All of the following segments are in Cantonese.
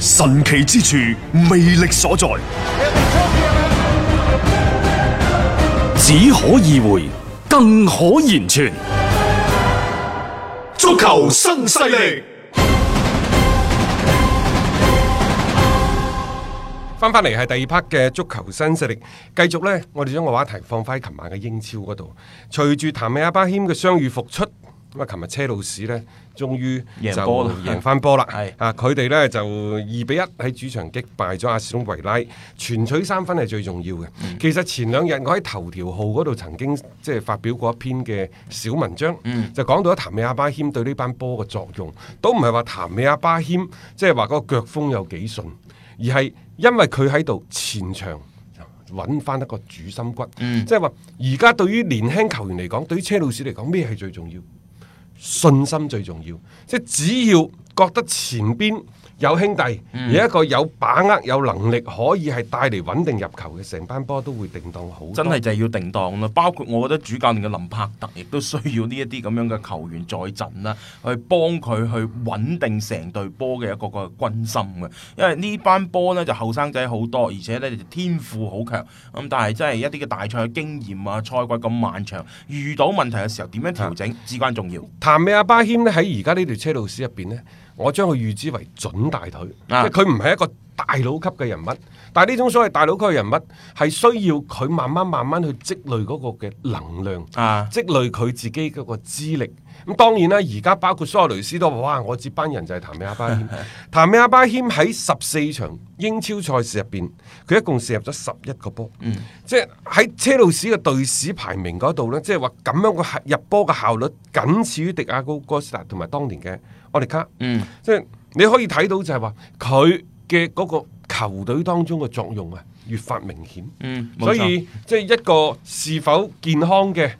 神奇之處，魅力所在， 只可意會，更可言傳。足球新勢力，翻翻嚟係第二 part 嘅足球新勢力，繼續咧，我哋將個話題放翻喺琴晚嘅英超嗰度，隨住譚美阿巴謙嘅傷愈復出。咁啊！琴日車路士呢，終於贏波啦，贏翻波啦！係啊，佢哋呢，就二比一喺主場擊敗咗阿史隆維拉，全取三分係最重要嘅。嗯、其實前兩日我喺頭條號嗰度曾經即係發表過一篇嘅小文章，嗯、就講到咗譚美阿巴謙對呢班波嘅作用，都唔係話譚美阿巴謙即係話嗰個腳風有幾順，而係因為佢喺度前場揾翻一個主心骨。嗯、即係話而家對於年輕球員嚟講，對於,對於車路士嚟講，咩係最重要？信心最重要，即係只要覺得前邊。有兄弟，有一個有把握，有能力可以係帶嚟穩定入球嘅，成班波都會定當好。真係就係要定當咯。包括我覺得主教練嘅林柏特亦都需要呢一啲咁樣嘅球員在陣啦，去幫佢去穩定成隊波嘅一個個個軍心嘅。因為呢班波呢，就後生仔好多，而且呢就天賦好強。咁但係真係一啲嘅大賽經驗啊，賽季咁漫長，遇到問題嘅時候點樣調整，至關重要。啊、譚尾阿巴謙呢，喺而家呢條車路士入邊呢。我將佢預知為準大腿，即係佢唔係一個大佬級嘅人物，但係呢種所謂大佬級嘅人物係需要佢慢慢慢慢去積累嗰個嘅能量，積累佢自己嗰個資歷。咁當然啦，而家包括蘇亞雷斯都話：哇！我接班人就係譚美阿巴謙。譚美阿巴謙喺十四場英超賽事入邊，佢一共射入咗十一個波，嗯、即係喺車路士嘅隊史排名嗰度呢，即係話咁樣個入波嘅效率僅次於迪亞高哥斯達同埋當年嘅。奧利卡，嗯、即係你可以睇到就係話佢嘅嗰個球隊當中嘅作用啊，越發明顯。嗯，所以熟即係一個是否健康嘅。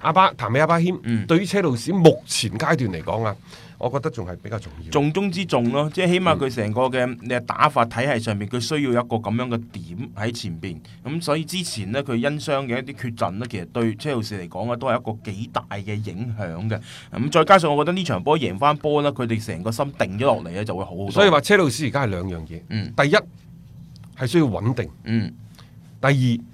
阿巴，譚美阿巴謙，嗯、對於車路士目前階段嚟講啊，我覺得仲係比較重要，重中之重咯。即係起碼佢成個嘅你打法體系上面，佢、嗯、需要一個咁樣嘅點喺前邊。咁所以之前呢，佢因傷嘅一啲缺陣呢，其實對車路士嚟講啊，都係一個幾大嘅影響嘅。咁再加上，我覺得呢場波贏翻波呢，佢哋成個心定咗落嚟咧，就會好。所以話車路士而家係兩樣嘢，嗯、第一係需要穩定，嗯，第二。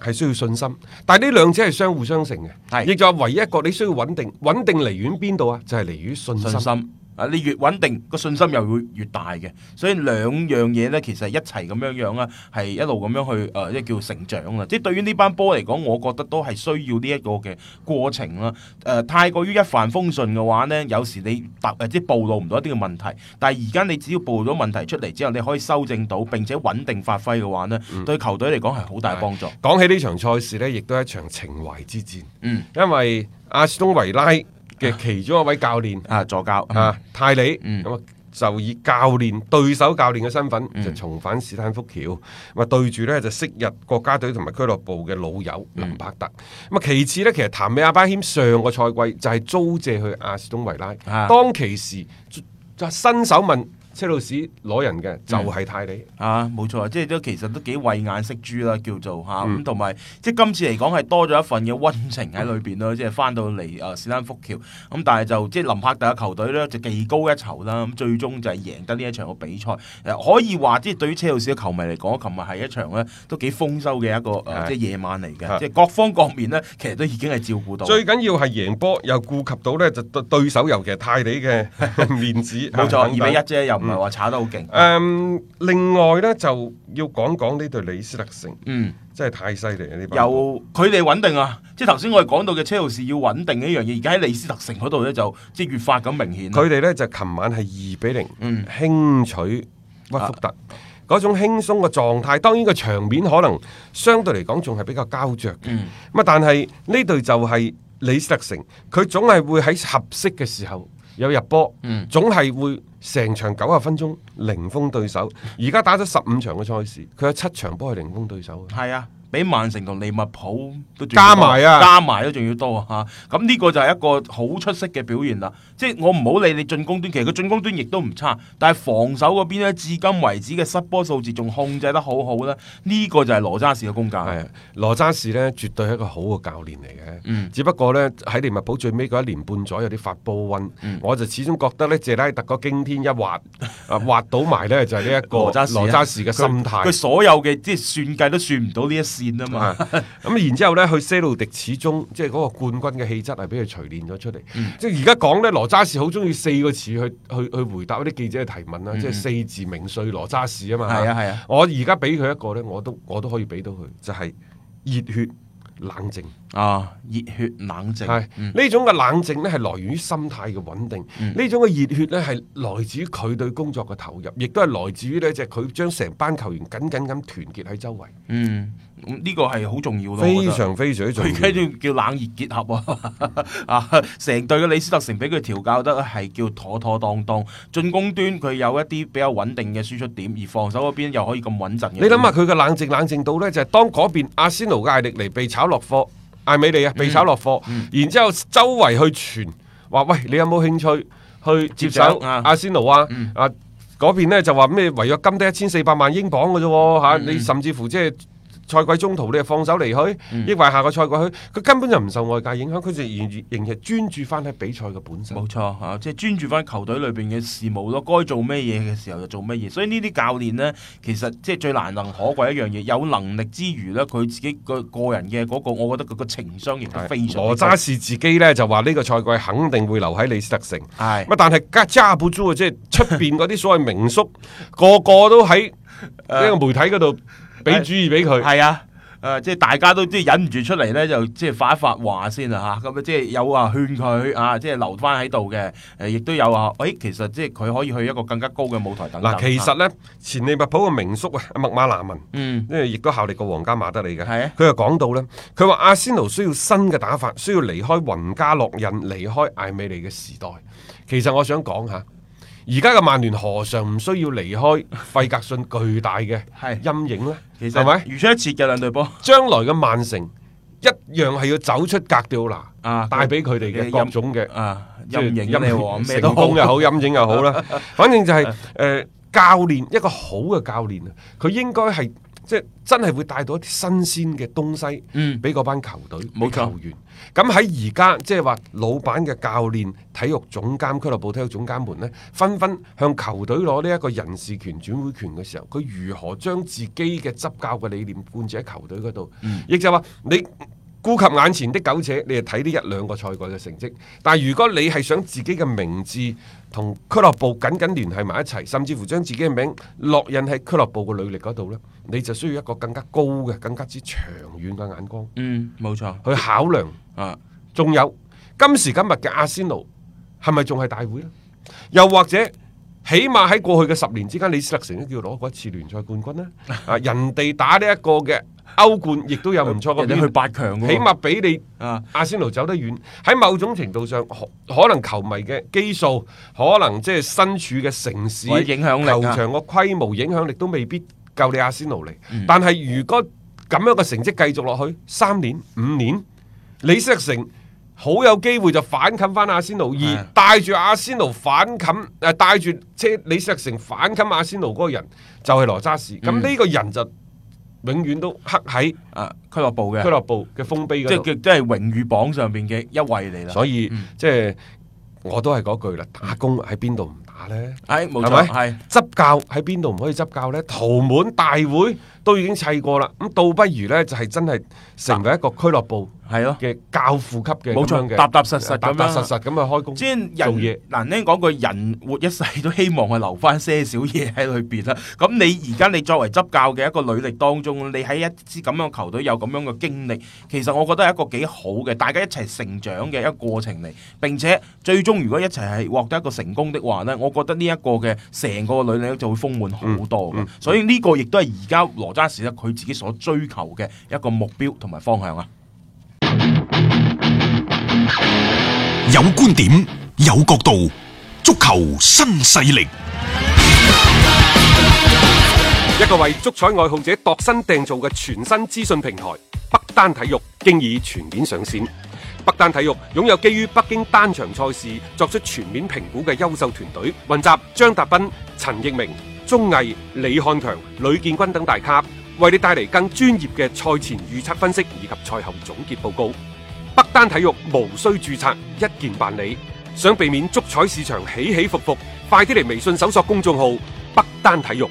係需要信心，但係呢兩者係相互相成嘅，亦是就話唯一一個你需要穩定，穩定嚟源邊度啊？就係嚟於信心。信心。啊、你越穩定，個信心又會越大嘅，所以兩樣嘢呢，其實一齊咁樣樣啦，係一路咁樣去誒，即、呃、係、就是、叫成長啊！即係對於呢班波嚟講，我覺得都係需要呢一個嘅過程啦。誒、呃，太過於一帆風順嘅話呢，有時你突誒即暴露唔到一啲嘅問題。但係而家你只要暴露咗問題出嚟之後，你可以修正到並且穩定發揮嘅話呢，嗯、對球隊嚟講係好大幫助。講起呢場賽事呢，亦都係一場情懷之戰。嗯，因為阿士東維拉，嘅其中一位教練啊，助教啊，泰里咁啊，嗯、就以教練對手教練嘅身份就重返斯坦福橋，咁啊、嗯、對住咧就是、昔日國家隊同埋俱樂部嘅老友、嗯、林柏特，咁啊其次咧，其實譚美阿巴謙上個賽季就係租借去阿斯東維拉，啊、當其時就新手問。車路士攞人嘅就係泰利、嗯、 啊，冇錯啊，即係都其實都幾慧眼識珠啦，叫做嚇咁同埋即係今次嚟講係多咗一份嘅溫情喺裏邊咯，即係翻到嚟啊史丹福橋咁、嗯，但係就即係林柏特嘅球隊咧就技高一籌啦，咁最終就係贏得呢一場嘅比賽。可以話即係對於車路士嘅球迷嚟講，琴日係一場咧都幾豐收嘅一個、呃、是即係夜晚嚟嘅，是即係各方各面咧其實都已經係照顧到。最緊要係贏波，又顧及到咧就對手尤其係泰利嘅面子。冇、嗯、錯， 錯 二比一啫又。唔係話炒得好勁。誒、嗯嗯，另外呢，就要講講呢對李斯特城，嗯，真係太犀利啊！呢班由佢哋穩定啊，即係頭先我哋講到嘅車路士要穩定一樣嘢，而家喺李斯特城嗰度呢，就即係越發咁明顯。佢哋呢，就琴晚係二比零輕取屈福特，嗰、啊、種輕鬆嘅狀態，當然個場面可能相對嚟講仲係比較膠着嘅。咁啊、嗯，但係呢對就係李斯特城，佢總係會喺合適嘅時候有入波，嗯，總係會。成場九十分鐘零封對手，而家打咗十五場嘅賽事，佢有七場波係零封對手啊！係啊。比曼城同利物浦都仲要多，加埋啊，加埋都仲要多啊！吓，咁呢個就係一個好出色嘅表現啦。即係我唔好理你進攻端，其實佢進攻端亦都唔差。但係防守嗰邊咧，至今為止嘅失波數字仲控制得好好咧。呢個就係羅渣士嘅功架。係羅渣士咧，絕對係一個好嘅教練嚟嘅。嗯、只不過咧，喺利物浦最尾嗰一年半左右有啲發波瘟，嗯、我就始終覺得咧，謝拉特個驚天一滑啊，滑到埋咧，就係呢一個羅渣士嘅心態。佢所有嘅即係算計都算唔到呢一。啊！咁、 嗯嗯、然之後咧，佢西路迪始終即係嗰個冠軍嘅氣質係俾佢錘鍊咗出嚟。嗯、即係而家講咧，羅渣士好中意四個詞去去去回答嗰啲記者嘅提問啊，嗯、即係四字名帥羅渣士啊嘛。係啊係啊！啊我而家俾佢一個咧，我都我都可以俾到佢，就係、是、熱血。冷靜啊！熱血冷靜，係呢種嘅冷靜咧，係來源於心態嘅穩定。呢種嘅熱血咧，係來自於佢對工作嘅投入，亦都係來自於咧，就佢將成班球員緊緊咁團結喺周圍、嗯。嗯、呢、這個係好重要咯，非常非常重要。佢而家叫冷熱結合啊！成隊嘅李斯特城俾佢調教得係叫妥妥當當，進攻端佢有一啲比較穩定嘅輸出點，而防守嗰邊又可以咁穩陣。你諗下佢嘅冷靜冷靜到咧，就係、是、當嗰邊阿仙奴嘅艾力尼被炒。落貨艾美利啊，被炒落貨，嗯嗯、然之後周圍去傳話，喂，你有冇興趣去接手阿仙奴啊？啊，嗰、啊嗯啊、邊咧就話咩違約金得一千四百萬英鎊嘅啫，吓、啊嗯、你甚至乎即、就、係、是。賽季中途你又放手離去，抑、嗯、或下個賽季去？佢根本就唔受外界影響，佢就仍然係專注翻喺比賽嘅本身。冇錯，嚇、啊，即、就、係、是、專注翻喺球隊裏邊嘅事務咯。該做咩嘢嘅時候就做咩嘢。所以呢啲教練呢，其實即係最難能可貴一樣嘢，有能力之餘呢，佢自己個個人嘅嗰、那個，我覺得佢個情商亦都非常。羅渣士自己呢，就話呢個賽季肯定會留喺李斯特城。係是，但係加扎布朱即係出邊嗰啲所謂名宿， 個個都喺呢個媒體嗰度。俾主意俾佢，係、哎、啊，誒、呃，即係大家都即係忍唔住出嚟咧，就即係發一發話先啦吓，咁啊，即係有話勸佢啊，即係留翻喺度嘅，誒、呃，亦都有話，誒、哎，其實即係佢可以去一個更加高嘅舞台等等。嗱，其實咧，前利物浦嘅名宿啊，麥馬納文，嗯，因為亦都效力過皇家馬德里嘅，係啊，佢又講到咧，佢話阿仙奴需要新嘅打法，需要離開雲加洛印，離開艾美利嘅時代。其實我想講下。而家嘅曼聯何嘗唔需要離開費格遜巨大嘅陰影咧？其實係咪？ 如出一轍嘅兩隊波，將來嘅曼城一樣係要走出格調啦，啊、帶俾佢哋嘅各種嘅陰、啊、影。陰樣環成功又好，陰 影又好啦。 反正就係、是、誒、 呃，教練一個好嘅教練啊，佢應該係。即真係會帶到一啲新鮮嘅東西，嗯，俾嗰班球隊冇錯，球員。咁喺而家即係話，老闆嘅教練、體育總監、俱樂部體育總監們呢，紛紛向球隊攞呢一個人事權、轉會權嘅時候，佢如何將自己嘅執教嘅理念貫徹喺球隊嗰度？亦、嗯、就話你顧及眼前的苟且，你係睇呢一兩個賽季嘅成績。但係如果你係想自己嘅名字同俱樂部緊緊聯繫埋一齊，甚至乎將自己嘅名落印喺俱樂部嘅履歷嗰度呢。你就需要一個更加高嘅、更加之長遠嘅眼光。嗯，冇錯。去考量啊，仲有今時今日嘅阿仙奴係咪仲係大會咧？又或者起碼喺過去嘅十年之間，李斯特城都叫攞過一次聯賽冠軍咧。 啊，人哋打呢一個嘅歐冠，亦都有唔錯嘅。人哋去八強，起碼比你 s 啊阿仙奴走得遠。喺某種程度上，可，可能球迷嘅基數，可能即係身處嘅城市影響力、啊、球場嘅規模影響力都未必。救你阿仙奴嚟，嗯、但係如果咁樣嘅成績繼續落去，三年、五年，李斯特城好有機會就反冚翻阿仙奴二，帶住阿仙奴反冚，誒、呃，帶住車李斯特城反冚阿仙奴嗰個人，就係羅渣士。咁呢、嗯、個人就永遠都刻喺啊俱樂部嘅俱樂部嘅封碑即，即係即係榮譽榜上邊嘅一位嚟啦。所以、嗯、即係我都係嗰句啦，打工喺邊度唔？咧係咪係執教喺邊度唔可以執教咧？圖門大會。都已經砌過啦，咁倒不如咧就係真係成為一個俱樂部係咯嘅教父級嘅，冇錯嘅，踏踏實實、踏踏實實咁去開工做嘢。嗱，你講句人活一世都希望係留翻些少嘢喺裏邊啦。咁你而家你作為執教嘅一個履歷當中，你喺一支咁樣嘅球隊有咁樣嘅經歷，其實我覺得係一個幾好嘅，大家一齊成長嘅一個過程嚟，並且最終如果一齊係獲得一個成功的話咧，我覺得呢一個嘅成個履歷就會豐滿好多嘅。所以呢個亦都係而家羅，當時咧，佢自己所追求嘅一個目標同埋方向啊！有觀點，有角度，足球新勢力，一個為足彩愛好者度身訂造嘅全新資訊平台——北單體育，經已全面上綫。北單體育擁有基於北京單場賽事作出全面評估嘅優秀團隊，雲集張達斌、陳奕明。綜藝李漢強、呂建軍等大咖為你帶嚟更專業嘅賽前預測分析以及賽後總結報告。北單體育無需注冊，一鍵辦理。想避免足彩市場起起伏伏，快啲嚟微信搜索公眾號北單體育。